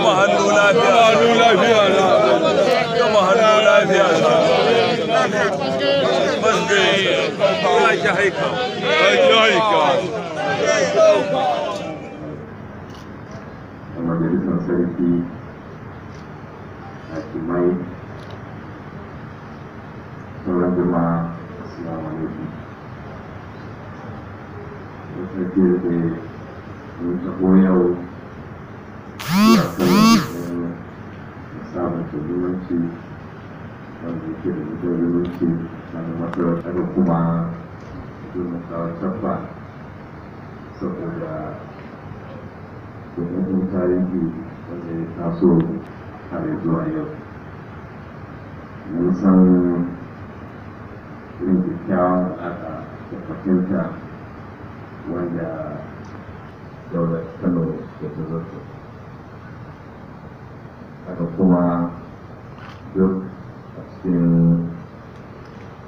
महलूला भी आना महलूला भी आना बस गई चाहे का चाहे का Evangelist and Seriki, Aki Mike, mai girma assalamu alaikum wata ke da mun taho yau ya kan sabon tabbamanci wanda ke da tabbamanci a masarautar da kuma domin kawo tabba saboda domin tarihi wanda ya taso yau mun kyakkyawan alaƙa da fahimta wanda daular kano ya tazarta haka kuma duk a cikin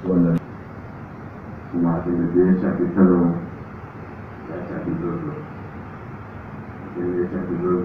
wannan kuma da ya shafi kano ya shafi zozo da shafi